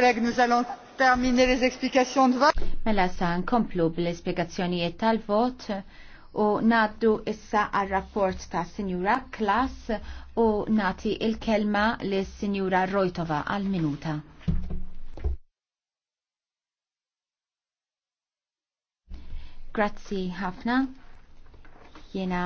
nous allons terminer les explications de vote. Mela sa nkomplu bl-esplikazzjonijiet tal-vot u naddu issa għal rapport ta' Sinjura Klas u nati il-kelma li Sinjura Rojtova għal minuta. Grazzi ħafna. Jena